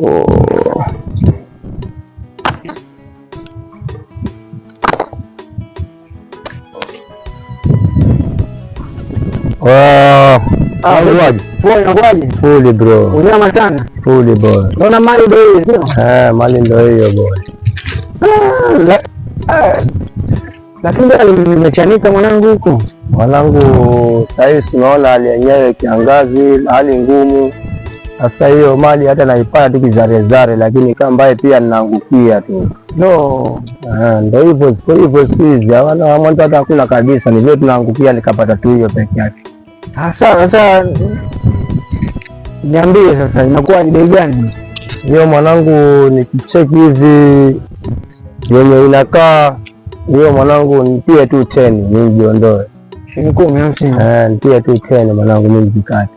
Oh. Oh. Fuli bro. mali ndio hiyo. Eh, ah, eh. Lakini nimechanika mwanangu huko. Mwanangu sasa hivi tunaona hali yenyewe kiangazi, hali ngumu sasa hiyo mali hata naipata tu kizarezare, lakini kama mbaye pia ninaangukia tu no. Ndo hivyo siku hivyo siku hizi hawana hamwenda hata hakuna kabisa, ni vile tunaangukia, nikapata tu hiyo peke yake. Sasa sasa niambie, sasa inakuwa ni bei gani hiyo mwanangu? Nikicheki hivi yenye inakaa hiyo mwanangu, nipie tu teni nijiondoe, shilingi kumi hamsini, tu teni mwanangu, mimi jikati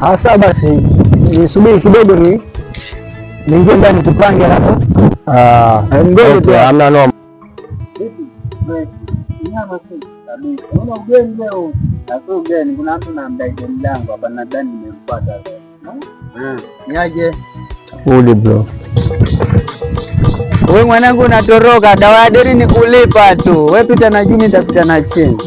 Asa basi nisubiri kidogo ni niingie ndani kupange hapo. Ah, ah ngoja tu amna noma. Uli bro. Wewe mwanangu unatoroka, dawa ya deni ni kulipa tu. Wewe pita na juu, mimi nitapita na chini.